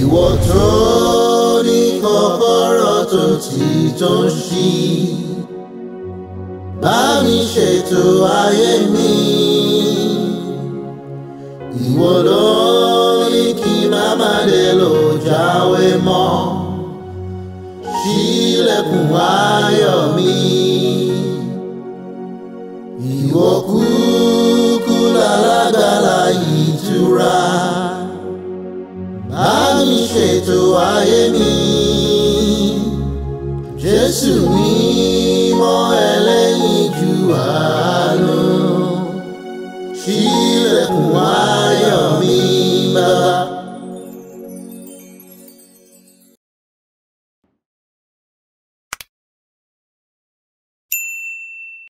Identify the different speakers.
Speaker 1: ìwọ tó ní kọ́kọ́rọ́ tó ti tó ń ṣí bá mi ṣètò ayé mi ìwọ ló ní kí màmá dé lò jáwé mọ́ ṣílẹ̀kùn ayọ̀ mi ìwọ kúkú lálágbára ìtura. Ah! ṣètò ayé mi Jésù mímọ́ ẹlẹ́yinjú àánú sílẹ̀kùn wá.